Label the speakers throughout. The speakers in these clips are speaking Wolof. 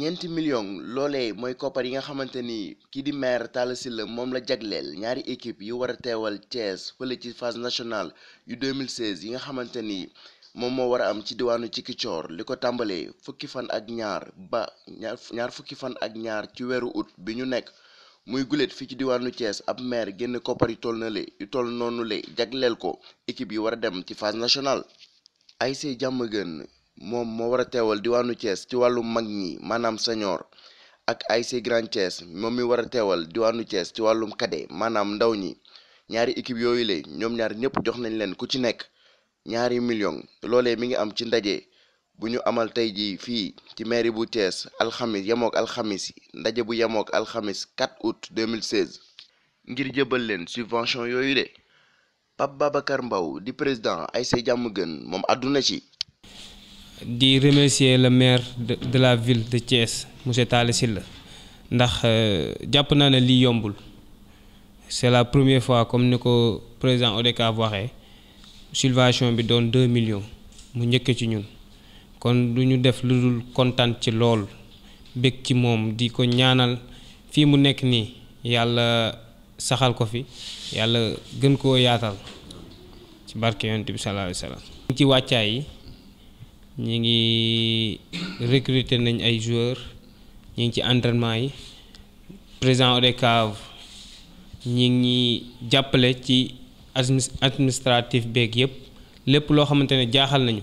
Speaker 1: ñeenti million loolee mooy koppar yi nga xamante ni kii di maire si la moom la jagleel ñaari équipe yu war a teewal Thiès fële ci phase nationale yu 2016 yi nga xamante ni moom moo war a am ci diwaanu Ziguinchor li ko tàmbalee fukki fan ak ñaar ba ñaar fukki fan ak ñaar ci weeru août bi ñu nekk muy guléet fii ci diwaanu Thiès ab maire génn koppar yu toll na le yu toll noonu le jagleel ko équipe yi war a dem ci phase nationale. jàmm Diamaguène moom moo war a teewal diwaanu Thiès ci wàllu mag ñi maanaam senior ak ASC Grand Thiès moom mi war a teewal diwaanu Thiès ci wàllum cadet maanaam ndaw ñi ñaari équipe yooyu la ñoom ñaar ñëpp jox nañ leen ku ci nekk ñaari million loole mi ngi am ci ndaje bu ñu amal tey jii fii ci mairie bu Thiès alxamis yemook alxamis ndaje bu yemook alxamis 4 août 2016 ngir jëbal leen subvention yooyu le Pape Babacar Mbow di président ASC Jàmm Gën moom àdduna ci
Speaker 2: di remercier le maire de de la ville de Thiès monsieur Talla la ndax euh, jàpp naa ne lii yombul c'est la premier fois comme ni ko président ODCAV waxe sulvation bi doon 2 millions mu njëkk ci ñun kon du ñu def lu dul kontaan ci lool bég ci moom di ko ñaanal fii mu nekk nii yàlla saxal ko fi yàlla gën koo yaatal ci barke yonent bi sallallahu alayhi wasallam ci wàccaay yi ñi ngi recruter nañ ay joueurs ñi ngi ci entraînement yi président ODCAV ñi ngi jàppale ci administratif beeg yëpp lépp loo xamante ne jaaxal nañu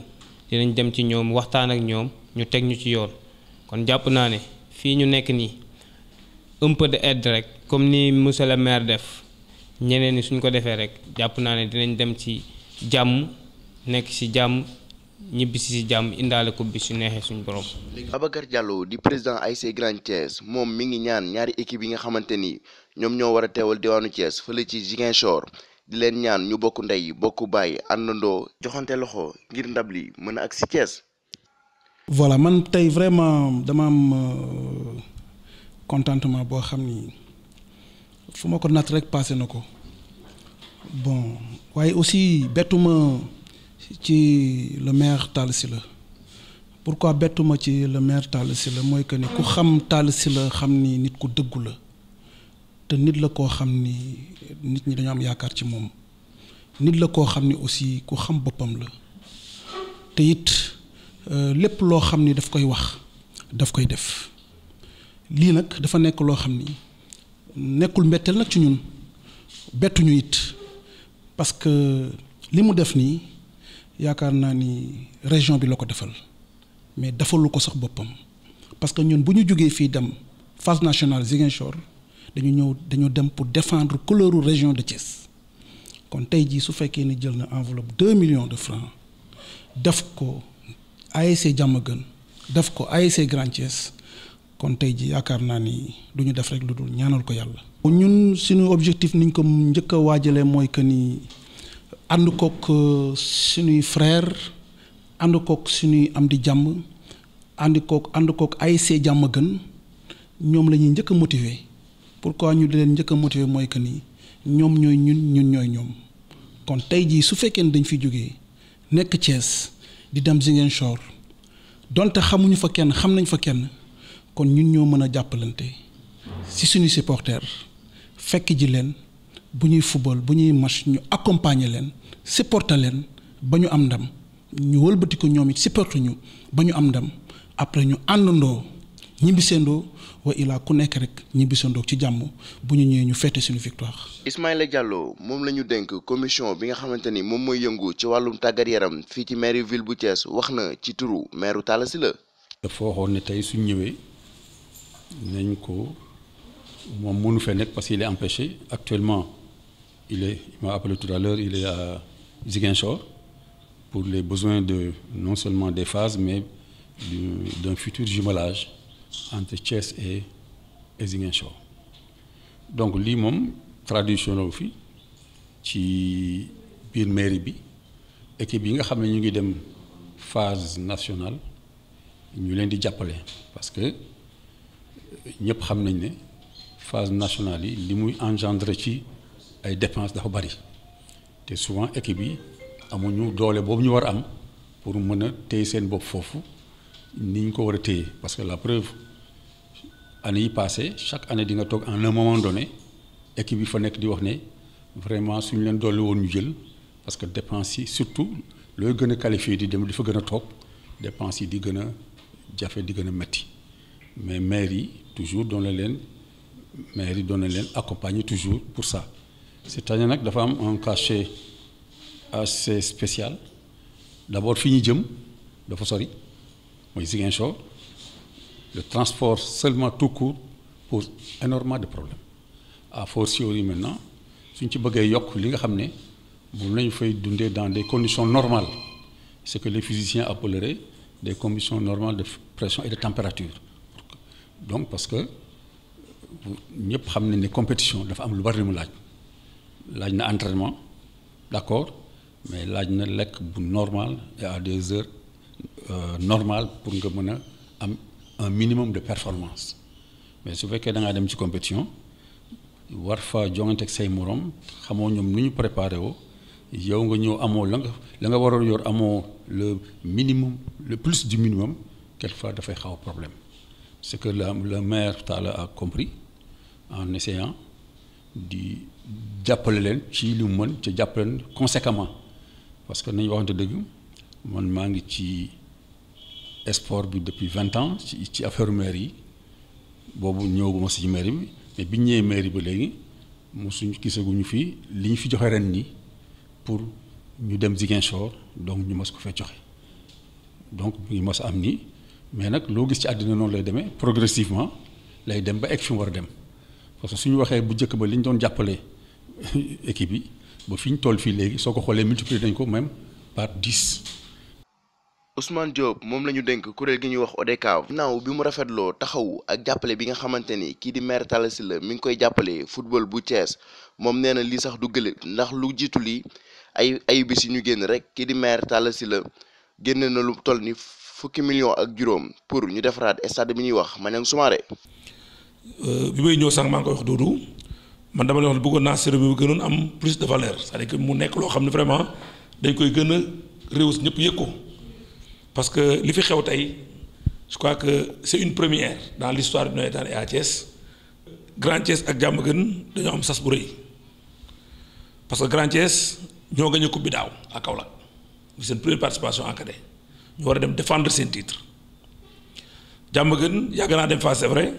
Speaker 2: dinañ dem ci ñoom waxtaan ak ñoom ñu teg ñu ci yoon kon jàpp naa ne fii ñu nekk ni un de aide rek comme ni monsieur le maire def ñeneen ni suñ ko defee rek jàpp naa ne dinañ dem ci jàmm nekk ci jàmm ñibbisi si jàmm indaale ko bi su neexee suñu borom.
Speaker 1: Babacar Diallo di président ASC Grand Thiès moom mu ngi ñaan ñaari équipe yi nga xamante ni ñoom ñoo war a teewal diwaanu Thiès fële ci Ziguinchor di leen ñaan ñu bokk ndey bokk bàyyi àndandoo joxante loxo ngir ndab li mën a ak si Thiès.
Speaker 3: voilà man tey vraiment dama am euh, contentement boo xam ni fu ma ko natt rek passé na ko bon waaye aussi bettuma ci le maire Talla Sylla pourquoi bettuma ci le maire Talla Sylla mooy que ne ku xam Talla Sylla xam ni nit ku dëggu la te nit la koo xam ni nit ñi dañoo am yaakaar ci moom nit la koo xam ni aussi ku xam boppam la te it euh, lépp loo xam ni daf koy wax daf koy def lii nag dafa nekk loo xam ni nekkul mbetteel nag ci ñun bettuñu it parce que li mu def nii. yaakaar naa ni région bi la ko defal mais defalu ko sax boppam parce que ñun bu ñu jógee fii dem phase nationale Ziguinchor dañu ñëw dañu dem pour défendre couleuru région de Thiès kon tey jii su fekkee ni jël na enveloppe deux millions de francs def ko ASC Diamaguène def ko ASC Grand Thiès kon tey jii yaakaar naa ni duñu def rek lu dul ñaanal ko yàlla. ñun suñu objectif niñ ko njëkk a waajalee mooy que ni. ànd kook euh, suñuy frère ànd kook suñuy am di jàmm ànd kook ànd kook ASC jàmm gën ñoom la ñuy njëkk a pour pourquoi ñu di leen njëkk a mooy que ni ñoom ñooy ñun ñun ñooy ñoom kon tey jii su fekkee ne dañ fi jógee nekk Thiès di dem Ziguinchor donte xamuñu fa kenn xam nañ fa kenn kon ñun ñoo mën a jàppalante si suñu supporter fekk ji leen. bu ñuy football bu ñuy match ñu accompagner leen supporter leen ba ñu am ndam ñu wëlbati ko ñoom it supporter ñu ba ñu am ndam après ñu àndandoo ñibbisandoo wa ilaa ku nekk rek ñibbisandoo ci jàmm bu ñu ñëwee ñu fête suñu victoire.
Speaker 1: Ismaïla Diallo moom la ñu dénk commission bi nga xamante ni moom mooy yëngu ci wàllum tàggat yaram fii ci mairie ville bu Thiès wax na ci turu maire Talla la
Speaker 4: dafa waxoon ne tey suñ ñëwee nañ ko moom mënu fee nekk parce qu'il est actuellement. il est, il m'a appelé tout à l'heure, il est à Ziguinchor pour les besoins de non seulement des phases, mais d'un futur jumelage entre Thiès et, et Ziguinchor. donc lii moom traduction la fi ci biir mairie bi équipe yi nga xam ne ñu ngi dem phase nationale ñu leen di jàppale parce que ñëpp xam nañ ne phase national yi li muy engendre ci. ay dépense dafa bari te souvent équipe yi amuñu doole boobu ñu war a am pour mën a téye seen bopp foofu ni ñu ko war a téye parce que la preuve année yi passé chaque année di nga toog en un moment donné équipe yi fa nekk di wax ne vraiment suñu leen doole woon ñu jël parce que dépense yi surtout looy gën a qualifié di dem di fa gën a toog dépense yi di gën a jafe di gën a metti mais maire yi toujours doon leen maire yi doon leen accompagner toujours pour ça. cest à nag dafa am un cachet assez spécial d'abord fi ñu jëm dafa sori mooy Ziguinchor le transport seulement tout court pose énormément de problèmes à fortiori maintenant suñ ci bëggee yokk li nga xam ne moom ñu fay dundee dans des conditions normales ce que les physiciens appelleraient des conditions normales de pression et de température donc parce que ñëpp xam ne ne compétition dafa am lu bari mu laaj laaj na entraînement d'accord mais laaj na lekk bu normal et à des heures euh, normales pour nga mën a am un minimum de performance mais su fekkee da ngaa dem ci compétition war fa jongante ak say morom xamoo ñoom lu ñu préparé woo yow nga ñëw amoo la nga la nga waroon yor amoo le minimum le plus du minimum quelquefois dafay xaw problème ce que la la maire Talla a compris en essayant di jàppale leen ci li mu mën ca jàppale leen conséquemment parce que nañu waxante dëgg man maa ngi ci sport bi depuis vingt ans ci ci affaire maire yi boobu ñëwaguma si mairie bi mais biñ ñëwee mairie ba léegi mosuñu gisaguñu fi li ñu fi joxe ren nii pour ñu dem Ziguinchor donc ñu mos ko fee joxe donc ñu mos am nii mais nag loo gis ci àddina noonu lay demee progressivement lay dem ba egg fi mu war a dem. parce que suñu waxee bu njëkk ba li ñu doon jàppale équipe yi ba fi ñu toll fii léegi soo ko xoolee multiplier dañ ko même par dix.
Speaker 1: Ousmane Diop moom lañu ñu dénk kuréel gi ñuy wax ODCAV. naaw bi mu rafetloo taxawu ak jàppale bi nga xamante ni kii di maire Talla la mi ngi koy jàppale football bu Thiès moom nee na lii sax du gële ndax lu jiitu lii ay ay bis yu ñu génn rek kii di maire Talla Sylla génn na lu toll ni fukki million ak juróom pour ñu defaraat stade bi ñuy wax Maniang Soumaré.
Speaker 5: Euh, bi may ñëw sànq maa ngi koy wax Doudou man dama lay wax bëggoon naa séeréer bi gënoon am plus de valeur que mu nekk loo xam ne vraiment dañ koy gën a réew si ñëpp yëg ko parce que li fi xew tey je crois que c'est une première dans l'histoire du navétane et à Thiès Grand Thiès ak Diamaguène dañoo am sas bu rëy parce que Grand Thiès ñoo gagné coupe bi daaw à Kaolack seen première participation en ñu war a dem défendre seen titre gën yàgg naa dem fa c'est vrai.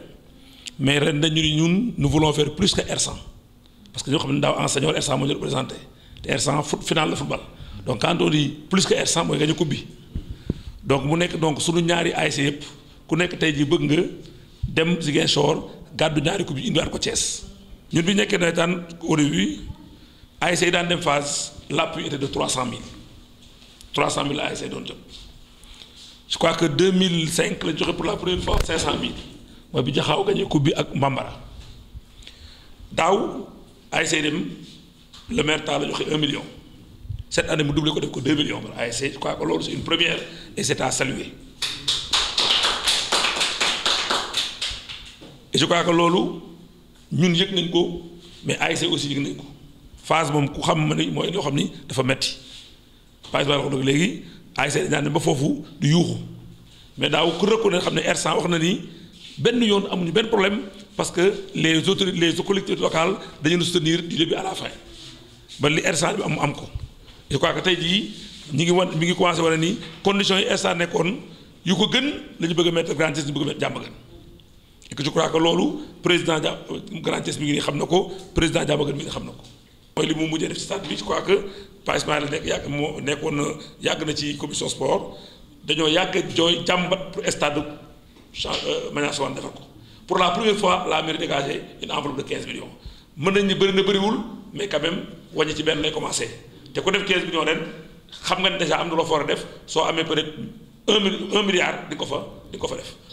Speaker 5: mais ren dañu ni ñun nous voulons faire plus que R100 parce que ñoo xam ne daaw en senior R100 moo ñu représenté te R100 foot final donc que R100 mooy bi donc mu nekk donc suñu ñaari ASC yëpp ku nekk tey jii bëgg nga dem Ziguinchor gàddu ñaari coupe yi indiwaat ko Thiès ñun bi nekkee nawetaan au début ASC yi daan dem phase l'appui était de 300000 300000 la ASC doon jot que crois que cinq la joxe pour la première fois 500000. mooy bi jaxaaw gañe coupe bi ak mbambara daaw ASC dem le maire Talla joxe un million cette année mu doublé ko def ko deux millions par ASC je crois que loolu c'est et c'est je crois que loolu ñun yëg nañ ko mais ASC aussi yëg nañ ko phase moom ku xam ma ne mooy yoo xam ni dafa metti par exemple wax léegi ASC dañ ba foofu yuuxu mais daaw ku rëkku xam ne R100 wax na ni. benn yoon amuñu benn problème parce que les autorités les collectivités locales dañu leen soutenir du début à la fin ba li RSA bi am am ko je crois que tey jii ñu ngi wan mi ngi commencé wane ni conditions yi RSA yu ko gën la ñu bëgg a mettre Grand Thiès ñu bëgg a que loolu président Dia Grand mi ngi xam na ko président Diamaguène mi ngi xam na ko. mooy li mu mujjee def ci stade bi je crois yàgg moo nekkoon yàgg na ci commission sport dañoo yàgg jooy jàmbat pour stade. Maniang Sowane defar ko pour la première fois la mairie dégagé une enveloppe de 15 millions mën nañ ni bëri na bëriwul mais quand même wàññi ci benn nay commencé te ku def 15 millions ren xam nga ne déjà am na loo fa war a def soo amee peut-être un milliard di ko fa di ko fa def.